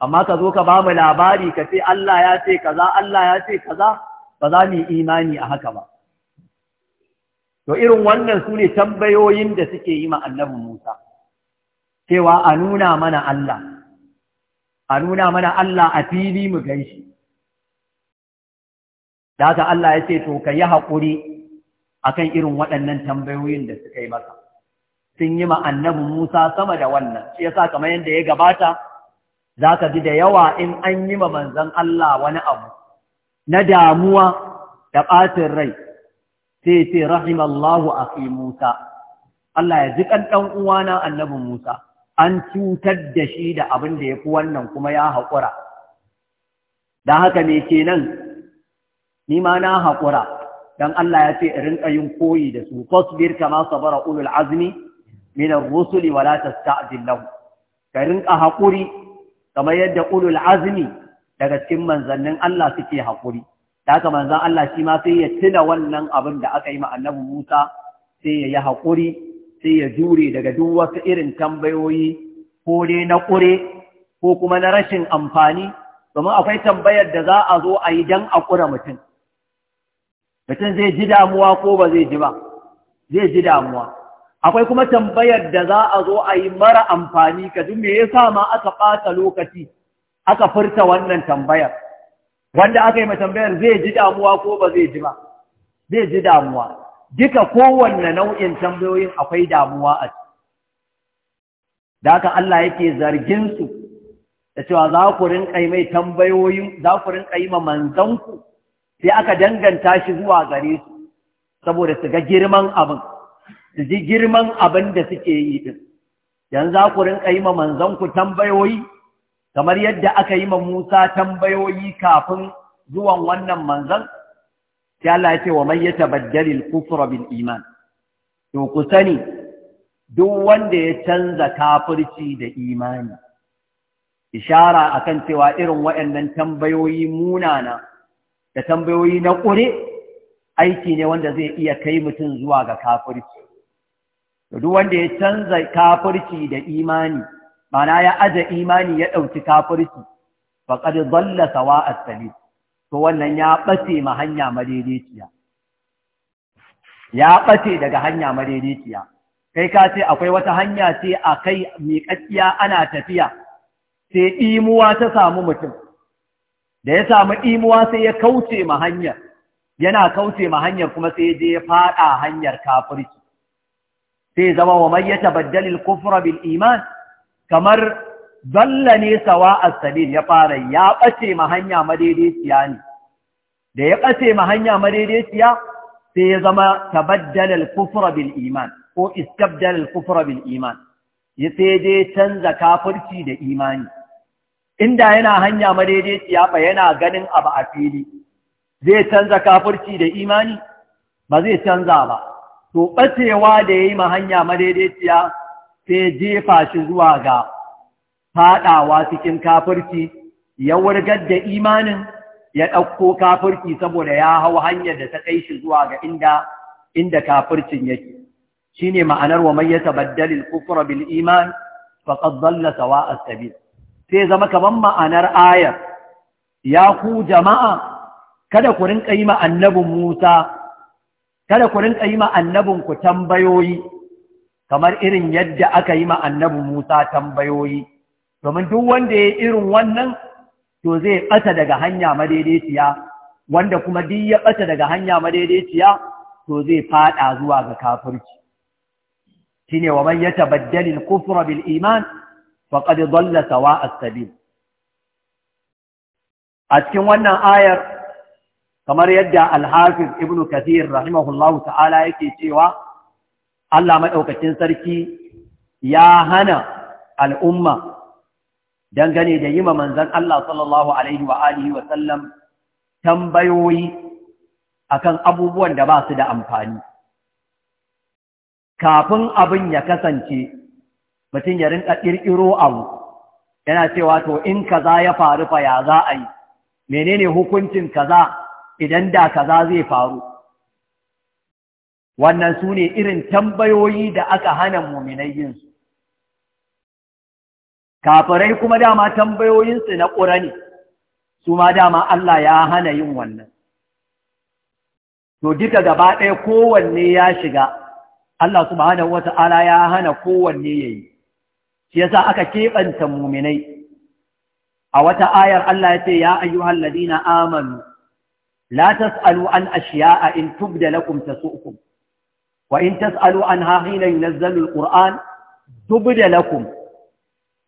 amma ka zo ka ba mu labari ka ce Allah ya ce kaza Allah ya ce kaza ba za mu yi imani a haka ba to irin wannan su ne tambayoyin da suke yi ma annabi Musa cewa a nuna mana Allah a nuna mana Allah a fili mu gan shi da Allah ya ce to ka yi haƙuri akan irin waɗannan tambayoyin da suka yi masa sun yi ma annabi Musa sama da wannan shi sa kamar yadda ya gabata za ka ji da yawa in an yi ma manzon Allah wani abu na damuwa da ɓatin rai sai ce rahimallahu akhi Musa Allah ya ji ɗan uwana annabi Musa an cutar da shi da abin da ya fi wannan kuma ya haƙura Da haka me nan? ni ma na haƙura don Allah ya ce rinka yin koyi da su fasbir kama sabara ulul azmi min rusuli wala tasta'jil lau. ka rinƙa haƙuri kamar yadda ulul azmi daga cikin manzannin Allah suke haƙuri da haka manzan Allah shi ma sai ya tuna wannan abin da aka yi ma annabi Musa sai ya yi haƙuri sai ya jure daga duk wasu irin tambayoyi ko dai na ƙure ko kuma na rashin amfani domin akwai tambayar da za a zo a yi don a ƙura mutum mutum zai ji damuwa ko ba zai ji ba zai ji damuwa akwai kuma tambayar da za a zo a yi mara amfani ka duk me sa ma aka ɓata lokaci aka furta wannan tambayar wanda aka yi ma tambayar zai ji damuwa ko ba zai ji ba zai ji damuwa duka kowanne nau'in tambayoyin akwai damuwa a da haka Allah yake zargin su da cewa za ku rinƙa yi mai tambayoyin, za ku ma manzanku sai aka danganta shi zuwa gare su saboda su ga girman abin su ji girman abin da suke yi din yanzu za ku rinƙa yi ma manzanku tambayoyi kamar yadda aka yi ma Musa tambayoyi kafin zuwan wannan manzan sai Allah ya ce wa man yatabaddal al kufr bil iman to ku sani duk wanda ya canza kafirci da imani ishara akan cewa irin waɗannan tambayoyi munana da tambayoyi na ƙure aiki ne wanda zai iya kai mutum zuwa ga kafirci duk wanda ya canza kafirci da imani mana ya aje imani ya ɗauki kafirci faqad zalla sawa a to wannan ya ɓace ma hanya madaidaiciya ya ɓace daga hanya madaidaiciya kai ka ce akwai wata hanya ce a kai miƙaƙƙiya ana tafiya sai ɗimuwa ta samu mutum da ya samu ɗimuwa sai ya kauce ma hanyar yana kauce ma hanyar kuma sai je ya faɗa hanyar kafirci sai zama wa mai ya tabaddalil kufra bil iman kamar zalla ne sawa a ya fara ya ɓace ma hanya madaidaiciya ne da ya ɓace ma hanya madaidaiciya sai ya zama tabaddalar kufura bil iman ko iskabdalar kufura bil iman ya sai dai canza kafurci da imani inda yana hanya madaidaiciya ba yana ganin abu a fili zai canza kafurci da imani ba zai canza ba to ɓacewa da ya yi ma hanya madaidaiciya sai jefa shi zuwa ga faɗawa cikin kafirci ya wurgar da imanin ya ɗauko kafirci saboda ya hau hanyar da ta kai shi zuwa ga inda inda kafircin yake shine ma'anar wa mai ya tabaddalin kufra bil iman zalla sawa sawa'a sabil sai zama kaman ma'anar ayar ya ku jama'a kada ku rinƙa yi ma annabin Musa kada ku yi ma annabin ku tambayoyi kamar irin yadda aka yi ma annabin Musa tambayoyi domin duk wanda ya irin wannan to zai ɓata daga hanya madaidaiciya wanda kuma duk ya ɓata daga hanya madaidaiciya to zai faɗa zuwa ga kafirci shine wa man yatabaddal al-kufra bil iman faqad dhalla sawa as-sabil a cikin wannan ayar kamar yadda al-hafiz ibn kathir rahimahullahu ta'ala yake cewa Allah madaukakin sarki ya hana al'umma dangane da yi yima manzan Allah sallallahu alaihi wa alihi wa sallam tambayoyi akan abubuwan da ba su da amfani kafin abin ya kasance mutum ya rinka ƙirƙiro abu yana cewa to in kaza ya faru fa ya za a yi menene hukuncin kaza idan da kaza zai faru wannan su ne irin tambayoyi da aka hana muminai yinsu kafirai kuma dama tambayoyinsu na ƙura ne su ma dama Allah ya hana yin wannan to duka gaba ɗaya kowanne ya shiga Allah subhanahu wata'ala ya hana kowanne yayi shi yasa aka keɓanta muminai a wata ayar Allah ya ce ya halladi na amanu la tasalu an ashiya'a in tubda lakum tasu'ukum wa in tasalu anha hina yunazzalu alquran tubda lakum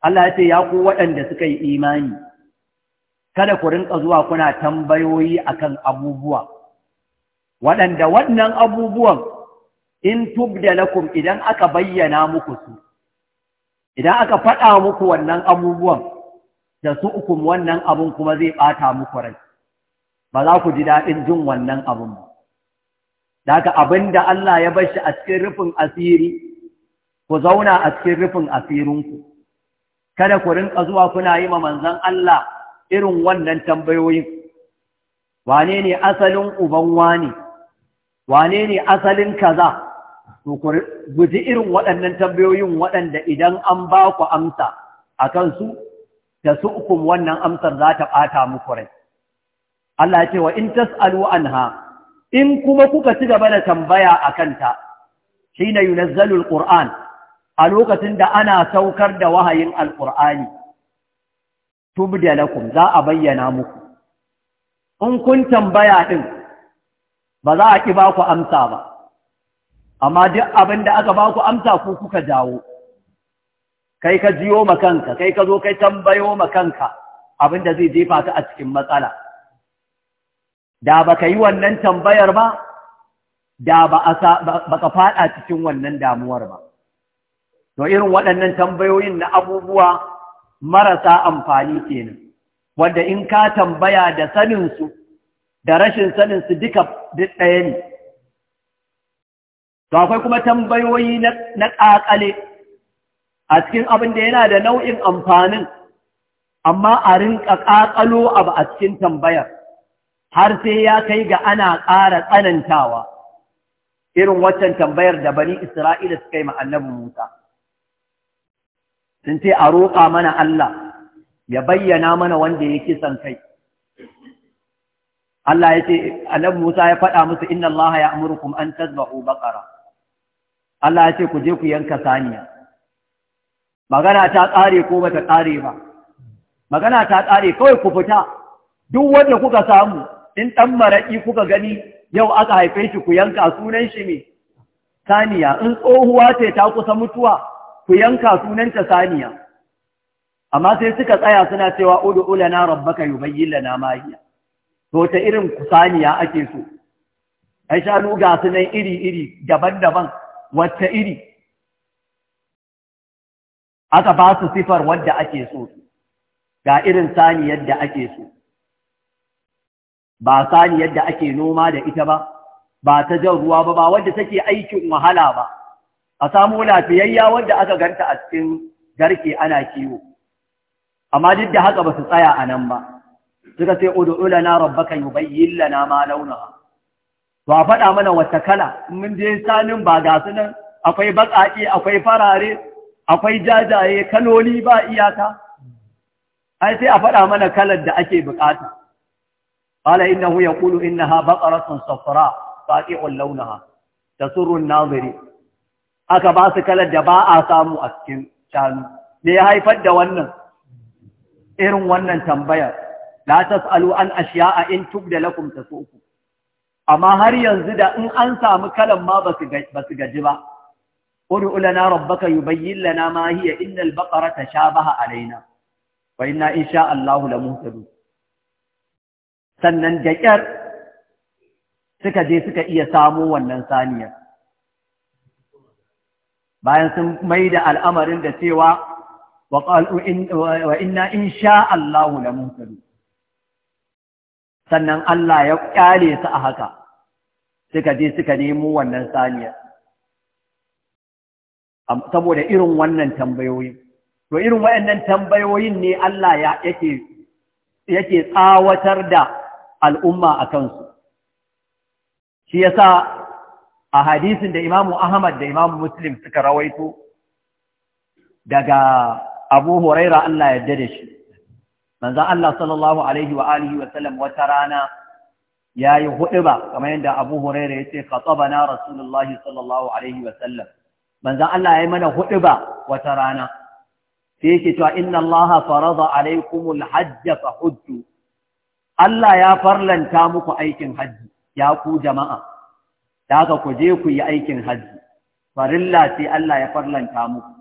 Allah ya ce ya ku waɗanda suka yi imani kada ku rinka zuwa kuna tambayoyi akan abubuwa waɗanda wannan abubuwan in tubda lakum idan aka bayyana muku su idan aka faɗa muku wannan abubuwan da su ukum wannan abun kuma zai ɓata muku rai ba za ku ji daɗin jin wannan abun ba daga abin da Allah ya bar shi a cikin rufin asiri ku zauna a cikin rufin asirinku kada ku rinka zuwa kuna yi ma manzan Allah irin wannan tambayoyin wane ne asalin uban wani wane ne asalin kaza to ku guji irin waɗannan tambayoyin waɗanda idan an ba ku amsa a kansu da su ukun wannan amsar za ta ɓata muku rai Allah ya ce wa in tas'alu anha in kuma kuka ci gaba da tambaya a kanta shine yunazzalul qur'an a lokacin da ana saukar da wahayin alƙur'ani tubda lakum za a bayyana muku in kun tambaya din ba za a ki ba ku amsa ba amma duk abin da aka ba ku amsa ku kuka jawo kai ka jiyo makanka kai ka zo kai tambayo makanka abin da zai jefa ka a cikin matsala da ba ka yi wannan tambayar ba da ba ka faɗa cikin wannan damuwar ba to irin waɗannan tambayoyin na abubuwa marasa amfani kenan wadda in ka tambaya da saninsu da rashin saninsu duka duk ɗaya ne to akwai kuma tambayoyi na ƙaƙale a cikin abin da yana da nau'in amfanin amma a rinka ƙaƙalo abu a cikin tambayar har sai ya kai ga ana ƙara tsanantawa irin waccan tambayar da bani isra'ila suka yi ma musa sun ce a roƙa mana Allah ya bayyana mana wanda ya kisan kai Allah ya ce alam Musa ya faɗa musu inna Allah ya amurkum an tazbahu baƙara. Allah ya ce ku je ku yanka saniya magana ta ƙare ko bata ƙare ba magana ta ƙare kawai ku fita duk wanda kuka samu in ɗan maraƙi kuka gani yau aka haife shi ku yanka sunan shi ne saniya in tsohuwa ce ta kusa mutuwa ku yanka sunanta saniya amma sai suka tsaya suna cewa udu ulana rabbaka yubayyin lana ma hiya to ta irin saniya ake so ai shanu ga su nan iri iri daban-daban wacce iri aka ba su sifar wadda ake so ga irin sani da ake so ba sani da ake noma da ita ba ba ta jan ruwa ba ba wadda take aikin wahala ba a samu lafiyayya wanda aka ganta a cikin garke ana kiwo amma duk da haka ba su tsaya a nan ba suka sai ud'u lana rabbaka yubayyin lana ma launaha to a faɗa mana wata kala mun je sanin ba ga su nan akwai baƙaƙe akwai farare akwai jajaye kaloli ba iyaka ai sai a faɗa mana kalar da ake buƙata qala innahu yaqulu innaha baqaratun safra faqi'un launaha tasurru an-naziri aka ba su kalar da ba a samu a cikin shanu me ya haifar da wannan irin wannan tambayar la tasalu an a in tubda lakum ku. amma har yanzu da in an samu kalan ma ba su gaji ba ud'u lana rabbaka yubayyin lana ma hiya innal baqara a alaina wa in sha Allahu da muhtadun sannan da kyar suka je suka iya samo wannan saniyar bayan sun mai da al'amarin da cewa wa ina in sha Allahu na muhtadu sannan Allah ya ƙyale su a haka suka je suka nemo wannan saniya saboda irin wannan tambayoyi to irin wayannan tambayoyin ne Allah yake tsawatar da al'umma a kansu shi yasa a hadisin da imamu Ahmad da imamu Muslim suka rawaito daga Abu Huraira Allah ya da shi manzon Allah sallallahu alaihi wa alihi wa sallam wata rana yayi huɗuba kamar yadda Abu Huraira yace khatabana Rasulullahi sallallahu alaihi wa sallam manzon Allah yayi mana huɗuba wata rana sai yake cewa inna Allah farada alaikumul hajj fa hujju Allah ya farlanta muku aikin hajji ya ku jama'a da haka ku je ku yi aikin hajji farilla sai Allah ya farlanta muku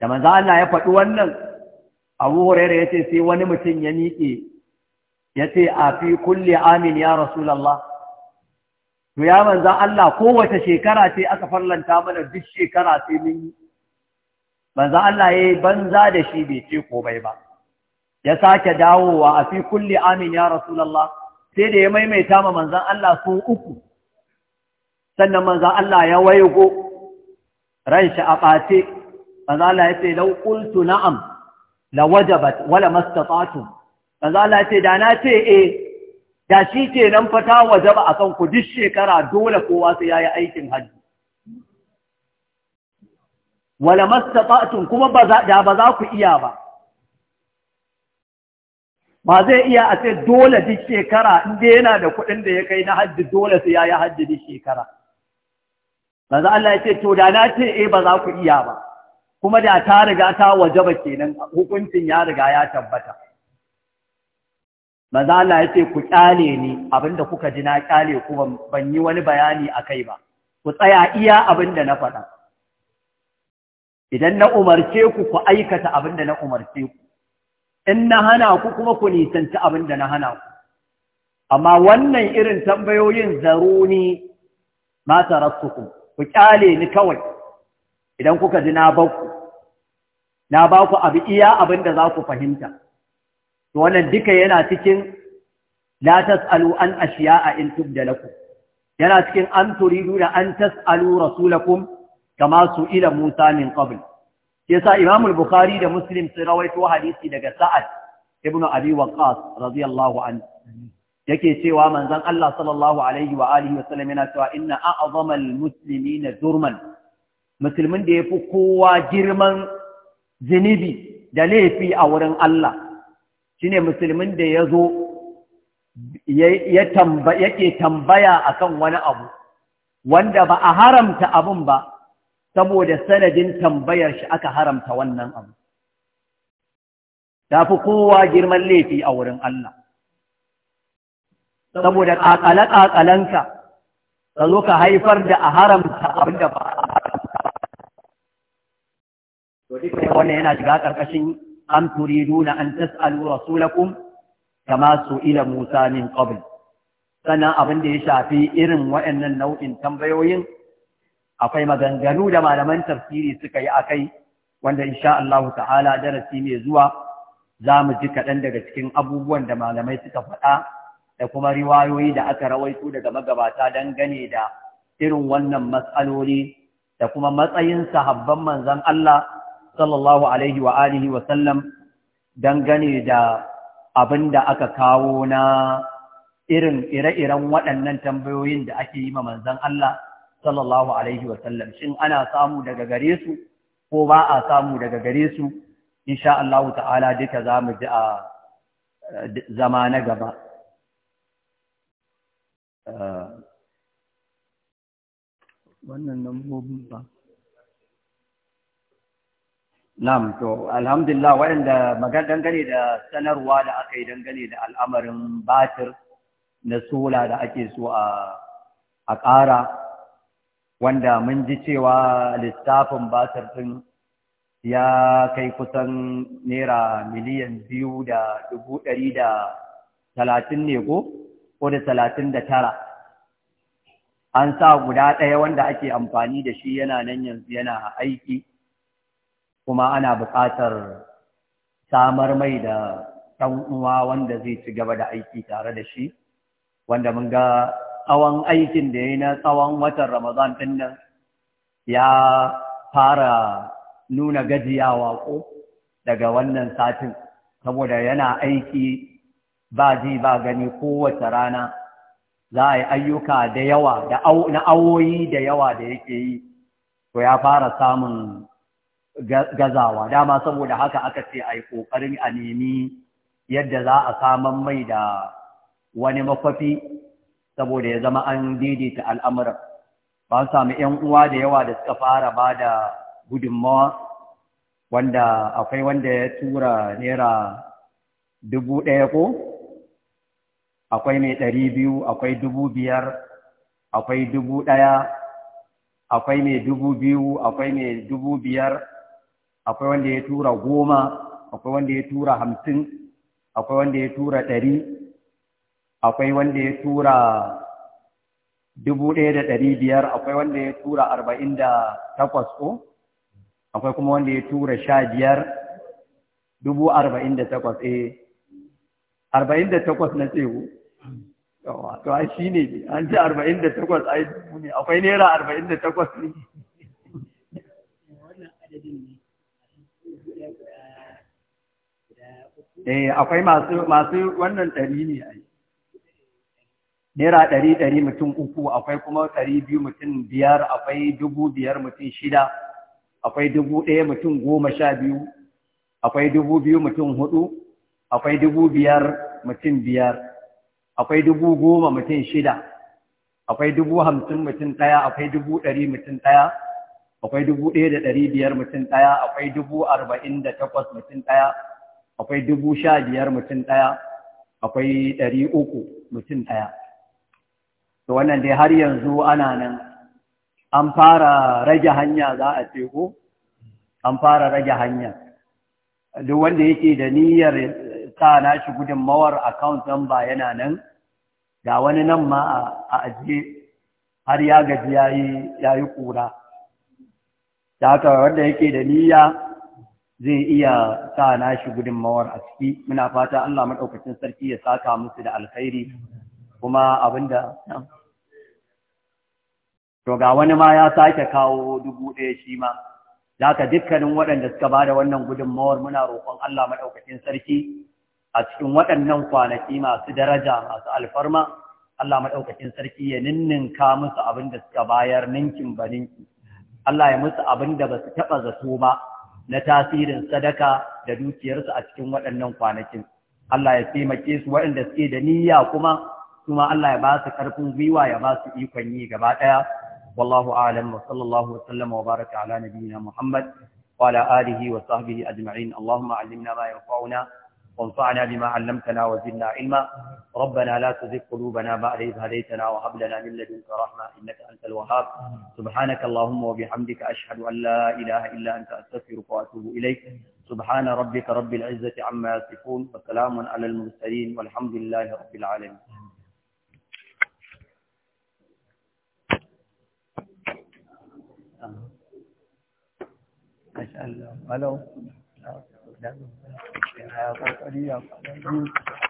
da manzo Allah ya faɗi wannan Abu ya ce sai wani mutum ya miƙe yace a fi kulli amin ya rasulullah to ya manzo Allah kowace shekara sai aka farlanta mana duk shekara sai mun yi manzo Allah yayi banza da shi bai ce komai ba ya sake dawowa a fi kulli amin ya rasulullah sai da ya maimaita ma manzon Allah su uku sannan manzan Allah ya waigo ran shi a ɓace manzan Allah ya ce lau qultu na'am la wajabat wala mastata'tum manzan Allah ya ce da na ce e da shi ke nan fata waje ba a kan ku duk shekara dole kowa sai ya yi aikin hajji. Wala mastata'atun kuma da ba za ku iya ba. Ba zai iya a ce dole duk shekara inda yana da kuɗin da ya kai na hajji dole su ya yi hajji duk shekara. manzo Allah ya ce to da na ce e ba za ku iya ba kuma da ta riga ta waje wajaba kenan hukuncin ya riga ya tabbata manzo Allah ya ce ku ƙyale ni abinda kuka ji na kyale ku ban yi wani bayani akai ba ku tsaya iya abinda na faɗa idan na umarce ku ku aikata abinda na umarce ku in na hana ku kuma ku nisanci abinda na hana ku amma wannan irin tambayoyin zaruni ma tarattukum ku kyale ni kawai idan kuka ji na baku na ba ku iya abin da za ku fahimta to wannan duka yana cikin la tasalu an ashiya'a in tubda lakum yana cikin an turidu da an tasalu rasulakum kama su ila Musa min qabl yasa Imam al-Bukhari da Muslim sun rawaito hadisi daga Sa'ad ibn Abi Waqqas radiyallahu anhu yake cewa manzon Allah sallallahu alaihi wa alihi wa sallam yana cewa inna a'zama al-muslimina zurman musulmin da yafi kowa girman zinibi da laifi a wurin Allah shine musulmin da yazo ya tamba yake tambaya akan wani abu wanda ba a haramta abun ba saboda sanadin tambayar shi aka haramta wannan abu tafi kowa girman laifi a wurin Allah saboda ƙaƙale-ƙaƙalenka ka zo ka haifar da a haramta abin da ba wannan yana shiga ƙarƙashin an nuna an tas'alu rasulakum kama su ila Musa min ƙobin. sannan abin da ya shafi irin waɗannan nau'in tambayoyin akwai maganganu da malaman tafsiri suka yi a kai, wanda insha Allah ta'ala darasi mai zuwa za mu ji kaɗan daga cikin abubuwan da malamai suka faɗa da kuma riwayoyi da aka rawaito daga magabata dangane da irin wannan matsaloli da kuma matsayin sahabban manzon Allah sallallahu alaihi wa alihi wa sallam dangane da abin da aka kawo na irin ire-iren waɗannan tambayoyin da ake yi ma manzan Allah sallallahu alaihi wa sallam shin ana samu daga gare su ko ba a samu daga gare su insha Allah ta'ala duka za mu ji a eh, zama na gaba Ah, wannan lambobin ba Na'am, to, alhamdulillah waɗanda magan dangane da sanarwa da aka yi dangane da al'amarin batir na sola da ake so a ƙara, wanda mun ji cewa lissafin batir ɗin ya kai kusan naira miliyan biyu da dubu ɗari da talatin ne ko? ko da talatin da tara an sa guda ɗaya wanda ake amfani da shi yana nan yanzu yana aiki kuma ana buƙatar samar mai da ɗan'uwa wanda zai ci gaba da aiki tare da shi wanda mun ga tsawon aikin da ya yi na tsawon watan Ramadan ɗin nan ya fara nuna gajiyawa ko daga wannan satin saboda yana aiki ba ji ba gani kowace rana za a yi ayyuka da yawa na awoyi da yawa da yake yi to ya fara samun gazawa dama saboda haka aka ce a yi ƙoƙarin a nemi yadda za a saman mai da wani mafafi, saboda ya zama an daidaita al'amuran ba sami ‘yan uwa da yawa da suka fara ba da gudunmawa wanda akwai wanda ya tura naira dubu ɗaya ko akwai mai ɗari biyu akwai dubu biyar akwai dubu ɗaya akwai mai dubu biyu akwai mai dubu biyar akwai wanda ya tura goma akwai wanda ya tura hamsin akwai wanda ya tura ɗari akwai wanda ya tura dubu ɗaya da ɗari biyar akwai wanda ya tura arba'in da takwas ko akwai kuma wanda ya tura sha biyar dubu arba'in da takwas eh arba'in da takwas na tsewo to ai shi ne an ce arba'in da takwas ai dubu ne akwai naira arba'in da takwas ne eh akwai masu masu wannan ɗari ne ai Nera ɗari ɗari mutum uku akwai kuma ɗari biyu mutum biyar akwai dubu biyar mutum shida akwai dubu ɗaya mutum goma sha biyu akwai dubu biyu mutum hudu akwai dubu biyar mutum biyar akwai dubu goma mutum shida akwai dubu hamsin mutum ɗaya akwai dubu ɗari mutum ɗaya akwai dubu ɗaya da ɗari biyar mutum ɗaya akwai dubu arba'in da takwas mutum ɗaya akwai dubu sha biyar mutum ɗaya akwai ɗari uku mutum ɗaya to wannan dai har yanzu ana nan an fara rage hanya za a ce ko an fara rage hanya duk wanda yake da niyyar sa nashi mawar account number yana nan ga wani nan ma a ajiye har ya gaji ya yi ƙura da haka wanda yake da niyya zai iya sa gudun mawar a ciki muna fata Allah maɗaukacin sarki ya saka musu da alkhairi kuma abinda to ga wani ma ya sake kawo dubu ɗaya shi ma da haka dukkanin waɗanda suka ba da wannan gudunmawar muna roƙon Allah maɗaukacin sarki a cikin waɗannan kwanaki masu daraja masu alfarma Allah maɗaukakin sarki ya ninninka musu abin da suka bayar ninkin ba Allah ya musu abin da ba su taɓa zato ba na tasirin sadaka da dukiyarsu a cikin waɗannan kwanakin Allah ya taimake su waɗanda suke da niyya kuma kuma Allah ya ba su ƙarfin gwiwa ya ba su ikon yi gaba ɗaya wallahu a'lam wa sallallahu wa sallama wa baraka ala nabiyyina Muhammad wa ala alihi wa sahbihi ajma'in Allahumma allimna ma yanfa'una وانفعنا بما علمتنا وزدنا علما ربنا لا تزغ قلوبنا بعد إذ هديتنا وهب لنا من لدنك رحمة إنك أنت الوهاب سبحانك اللهم وبحمدك أشهد أن لا إله إلا أنت أستغفرك وأتوب إليك سبحان ربك رب العزة عما يصفون وسلام على المرسلين والحمد لله رب العالمين أسأل ألو da ya kokari ya